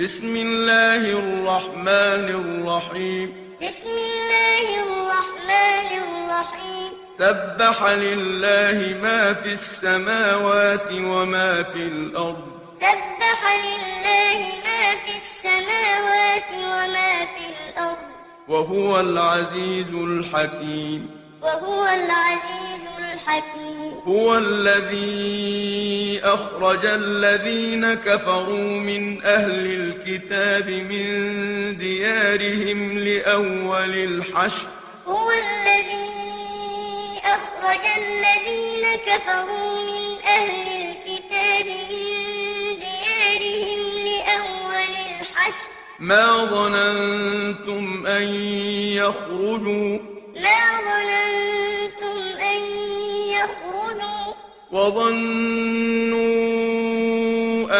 بسم الله الرحمن الرحيم بسم الله الرحمن الرحيم سبح لله ما في السماوات وما في الأرض سبح لله ما في السماوات وما في الأرض وهو العزيز الحكيم وهو العزيز الحكيم هو الذي أخرج الذين كفروا من أهل الكتاب من ديارهم لأول الحشر هو الذي أخرج الذين كفروا من أهل الكتاب من ديارهم لأول الحشر ما ظننتم أن يخرجوا ما ظننتم وظنوا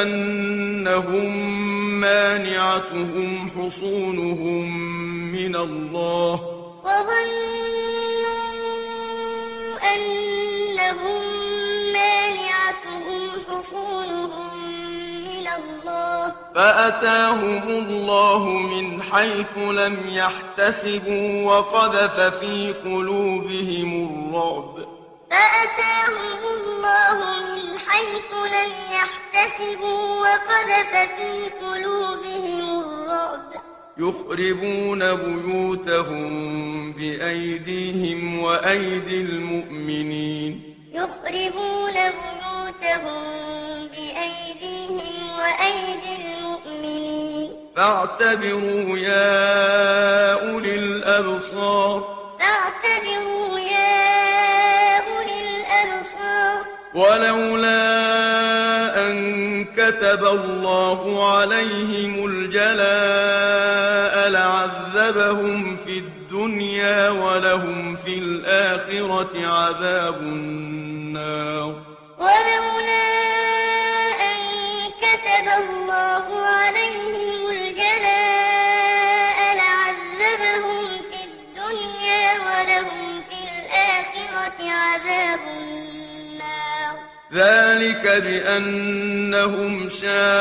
أنهم مانعتهم حصونهم من الله وظنوا أنهم مانعتهم حصونهم من الله فأتاهم الله من حيث لم يحتسبوا وقذف في قلوبهم الرعب فأتاهم الله من حيث لم يحتسبوا وقذف في قلوبهم الرعب يخربون بيوتهم بأيديهم وأيدي المؤمنين يخربون بيوتهم بأيديهم وأيدي المؤمنين فاعتبروا يا أولي الأبصار فاعتبروا ولولا أن كتب الله عليهم الجلاء لعذبهم في الدنيا ولهم في الآخرة عذاب النار ولولا أن كتب الله عليهم الجلاء لعذبهم في الدنيا ولهم في الآخرة عذاب النار ذلك بأنهم شاقوا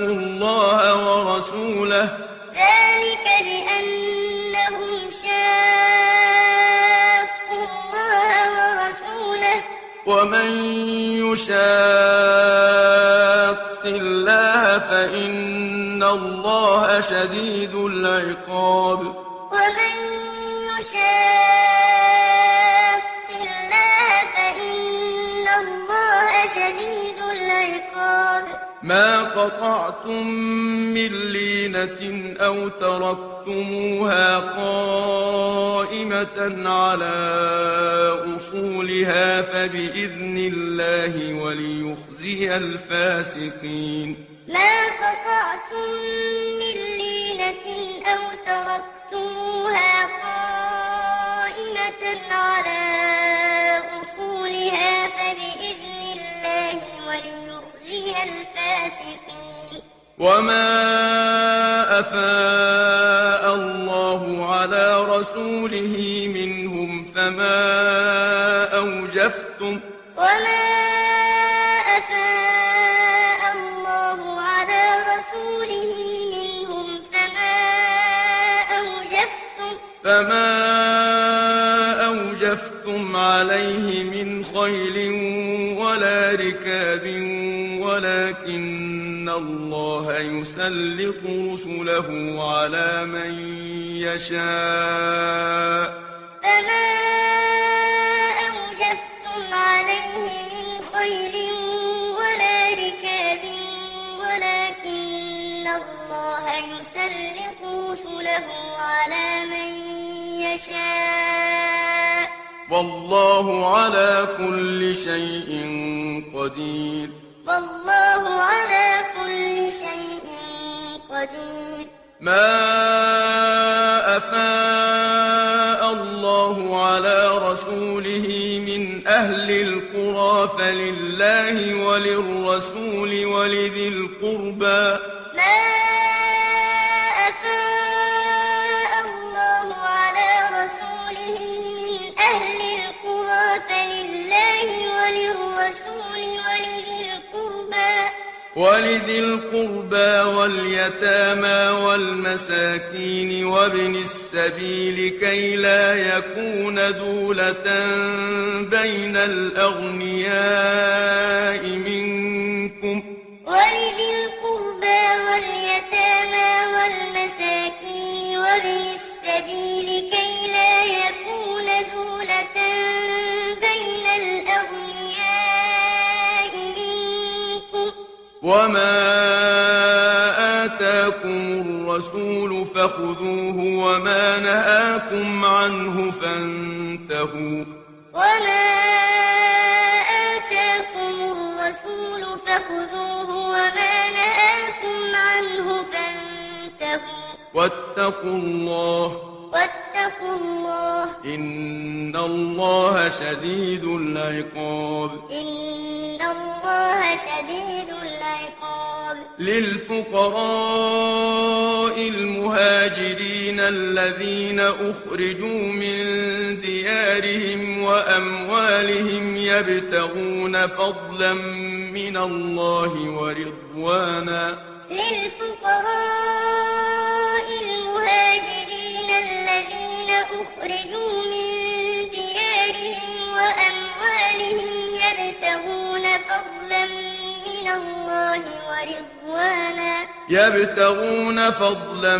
الله ورسوله ذلك بأنهم شاقوا الله ورسوله ومن يشاق الله فإن الله شديد العقاب ومن يشاق ما قطعتم من لينة أو تركتموها قائمة على أصولها فبإذن الله وليخزي الفاسقين ما قطعتم من لينة أو تركتموها قائمة الفاسقين وما أفاء الله على رسوله منهم فما أوجفتم وما أفاء الله على رسوله منهم فما أوجفتم فما أوجفتم عليه من خيل ولا ركاب ولكن الله يسلط رسله على من يشاء فما أوجفتم عليه من خيل ولا ركاب ولكن الله يسلط رسله على من يشاء والله على كل شيء قدير والله على كل شيء قدير ما أفاء الله على رسوله من أهل القرى فلله وللرسول ولذي القربى وذي القربى واليتامى والمساكين وابن السبيل كي لا يكون دولة بين الأغنياء منكم وذي القربى واليتامى والمساكين وابن السبيل كي لا يكون وما آتاكم الرسول فخذوه وما نهاكم عنه فانتهوا وما آتاكم الرسول فخذوه وما نهاكم عنه فانتهوا واتقوا الله واتقوا الله إن الله شديد العقاب إن الله شديد العقاب للفقراء المهاجرين الذين أخرجوا من ديارهم وأموالهم يبتغون فضلا من الله ورضوانا للفقراء المهاجرين أخرجوا من ديارهم وأموالهم يبتغون فضلا من الله ورضوانا يبتغون فضلا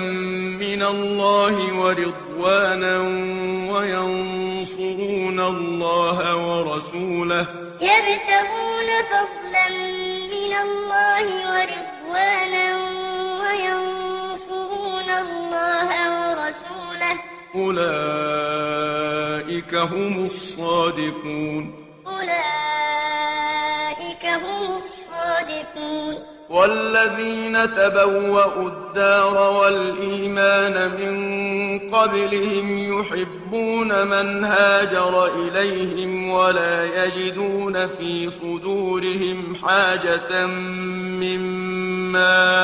من الله ورضوانا وينصرون الله ورسوله يبتغون فضلا من الله ورضوانا أولئك هم الصادقون أولئك هم الصادقون والذين تبوأوا الدار والإيمان من قبلهم يحبون من هاجر إليهم ولا يجدون في صدورهم حاجة مما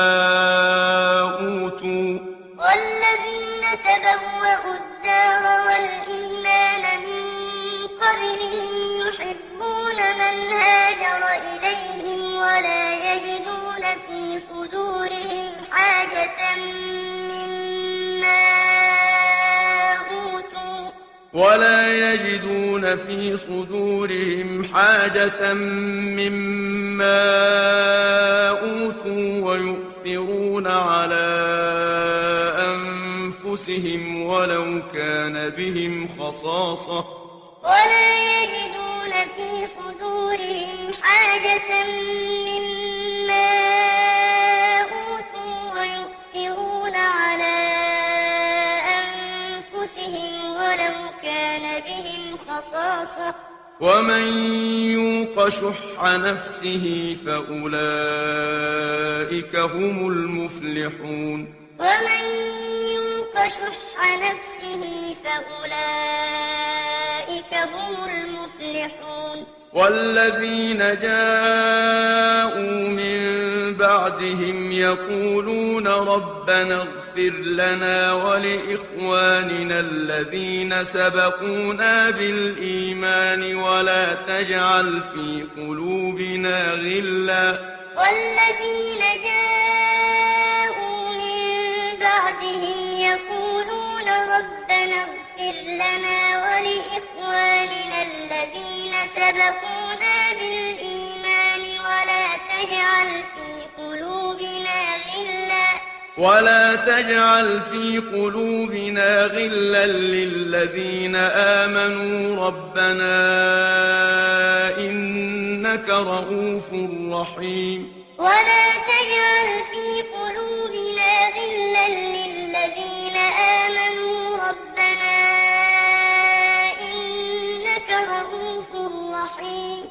تبوأوا الدار والإيمان من قبلهم يحبون من هاجر إليهم ولا يجدون في صدورهم حاجة مما أوتوا ولا يجدون في صدورهم حاجة مما أوتوا ويؤثرون على ولو كان بهم خصاصة ولا يجدون في صدورهم حاجة مما أوتوا ويؤثرون على أنفسهم ولو كان بهم خصاصة ومن يوق شح نفسه فأولئك هم المفلحون ومن وَيُوقَ شُحَّ نَفْسِهِ فَأُولَئِكَ هُمُ الْمُفْلِحُونَ وَالَّذِينَ جَاءُوا مِن بَعْدِهِمْ يَقُولُونَ رَبَّنَا اغْفِرْ لَنَا وَلِإِخْوَانِنَا الَّذِينَ سَبَقُونَا بِالْإِيمَانِ وَلَا تَجْعَلْ فِي قُلُوبِنَا غِلًّا وَالَّذِينَ جَاءُوا بعدهم يقولون ربنا اغفر لنا ولإخواننا الذين سبقونا بالإيمان ولا تجعل في قلوبنا غلا ولا تجعل في قلوبنا غلا للذين آمنوا ربنا إنك رؤوف رحيم ولا تجعل في قلوبنا إلا للذين آمنوا ربنا إنك رؤوف رحيم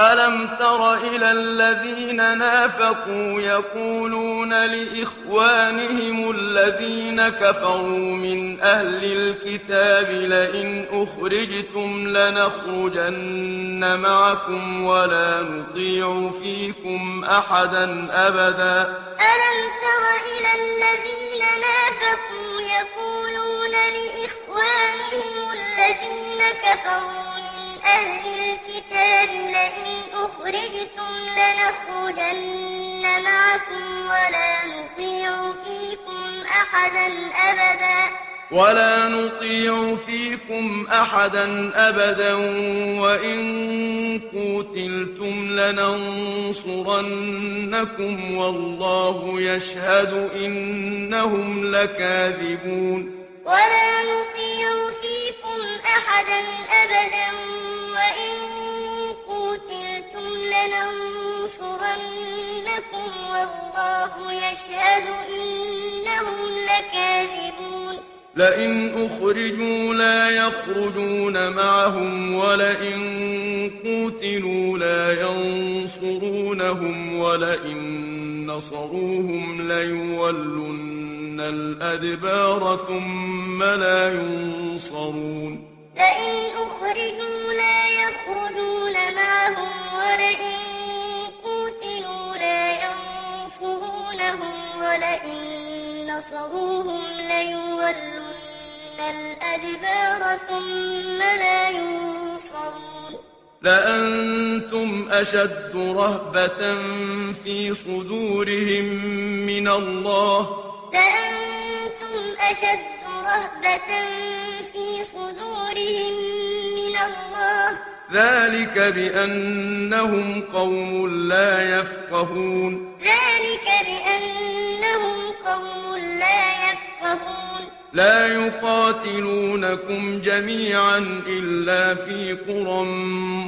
ألم تر إلى الذين نافقوا يقولون لإخوانهم الذين كفروا من أهل الكتاب لئن أخرجتم لنخرجن معكم ولا نطيع فيكم أحدا أبدا ألم تر إلى الذين نافقوا يقولون لإخوانهم الذين كفروا أهل الكتاب لئن أخرجتم لنخرجن معكم ولا نطيع فيكم أحدا أبدا ولا نطيع فيكم أحدا أبدا وإن قتلتم لننصرنكم والله يشهد إنهم لكاذبون ولا نطيع أحدا أبدا وإن قتلتم لننصرنكم والله يشهد إنهم لكاذبون لئن أخرجوا لا يخرجون معهم ولئن قتلوا لا ينصرونهم ولئن نصروهم ليولن الأدبار ثم لا ينصرون لئن أخرجوا لا يخرجون معهم ولئن قتلوا لا ينصرونهم ولئن نصروهم ليولن الأدبار ثم لا ينصرون لأنتم أشد رهبة في صدورهم من الله لأنتم أشد رهبة في صدورهم من الله ذلك بأنهم قوم لا يفقهون ذلك بأنهم قوم لا يفقهون لا يقاتلونكم جميعا إلا في قرى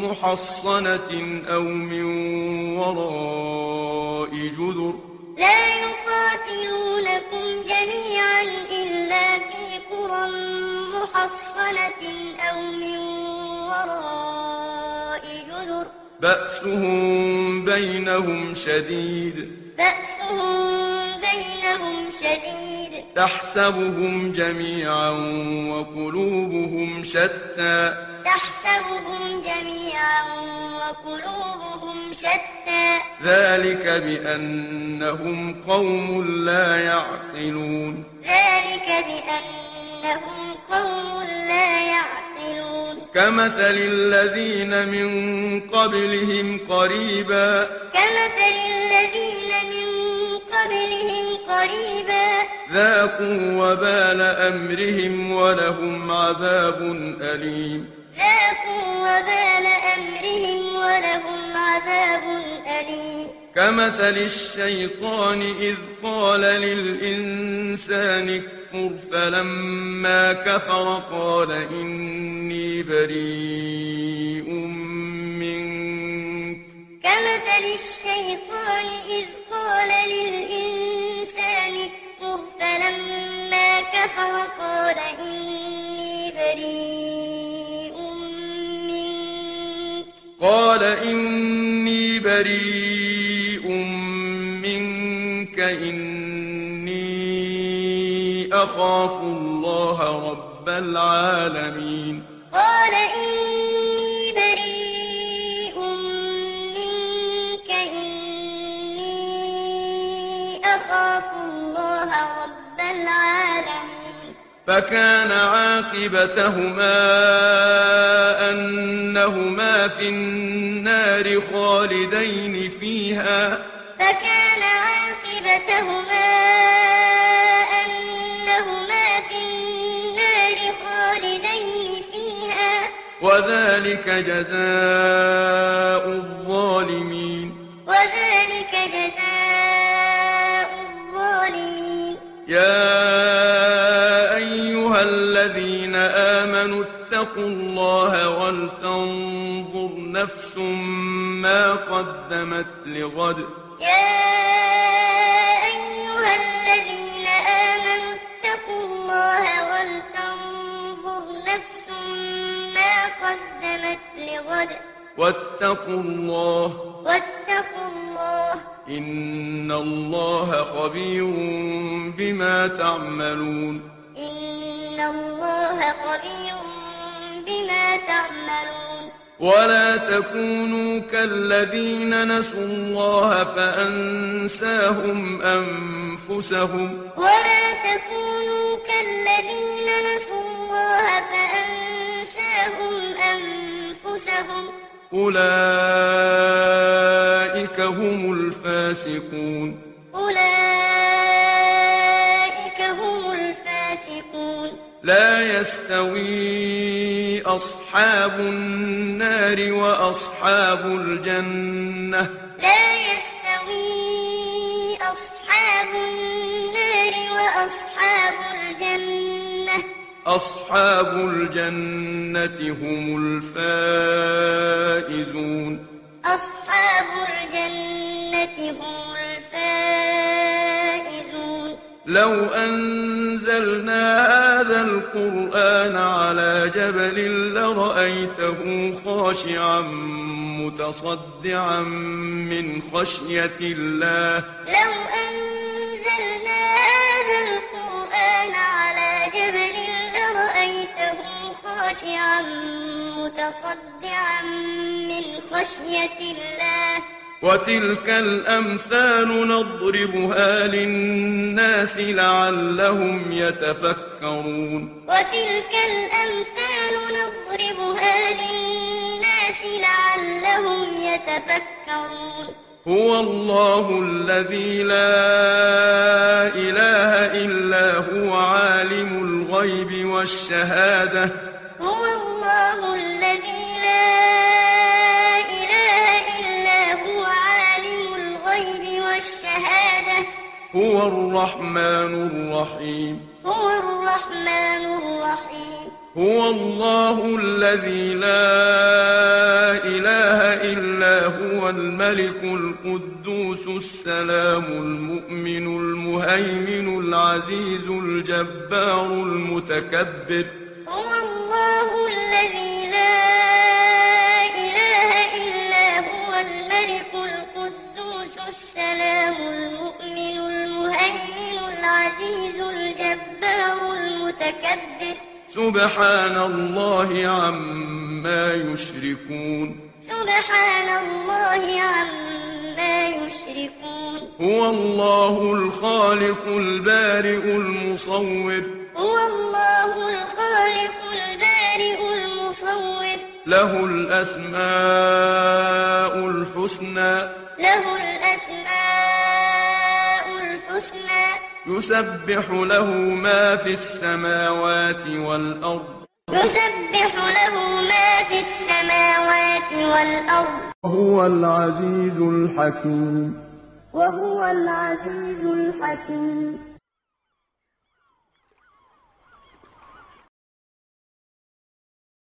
محصنة أو من وراء جدر لا يقاتلون أو من وراء جذر بأسهم بينهم شديد بأسهم بينهم شديد تحسبهم جميعا وقلوبهم شتى تحسبهم جميعا وقلوبهم شتى ذلك بأنهم قوم لا يعقلون ذلك بأنهم قوم لا يعقلون كمثل الذين من قبلهم قريبا كمثل الذين من قبلهم قريبا ذاقوا وبال أمرهم ولهم عذاب أليم ذاقوا وبال أمرهم ولهم عذاب أليم كمثل الشيطان إذ قال للإنسان يكفر فلما كفر قال إني بريء منك كمثل الشيطان إذ قال للإنسان اكفر فلما كفر قال إني بريء منك قال إني العالمين قال إني بريء منك إني أخاف الله رب العالمين فكان عاقبتهما أنهما في النار خالدين فيها فكان عاقبتهما وذلك جزاء الظالمين وذلك جزاء الظالمين يا أيها الذين آمنوا اتقوا الله ولتنظر نفس ما قدمت لغد يا أيها الذين آمنوا اتقوا الله ولتنظر قدمت لغد واتقوا الله واتقوا الله إن الله خبير بما تعملون إن الله خبير بما تعملون ولا تكونوا كالذين نسوا الله فأنساهم أنفسهم ولا تكونوا كالذين نسوا الله فأنساهم أنفسهم أولئك هم الفاسقون أولئك هم الفاسقون لا يستوي أصحاب النار وأصحاب الجنة لا أصحاب الجنة هم الفائزون أصحاب الجنة هم الفائزون لو أنزلنا هذا القرآن على جبل لرأيته خاشعا متصدعا من خشية الله لو أنزلنا خاشعا متصدعا من خشية الله وتلك الأمثال نضربها للناس لعلهم يتفكرون وتلك الأمثال نضربها للناس لعلهم يتفكرون هو الله الذي لا إله إلا هو عالم الغيب والشهادة هو الله الذي لا إله إلا هو عالم الغيب والشهادة هو الرحمن الرحيم هو الرحمن الرحيم هو الله الذي لا إله إلا هو الملك القدوس السلام المؤمن المهيمن العزيز الجبار المتكبر سبحان الله عما يشركون سبحان الله عما يشركون هو الله الخالق البارئ المصور هو الله الخالق البارئ المصور له الأسماء الحسنى له الأسماء الحسنى يسبح له ما في السماوات والأرض يسبح له ما في السماوات والأرض وهو العزيز الحكيم وهو العزيز الحكيم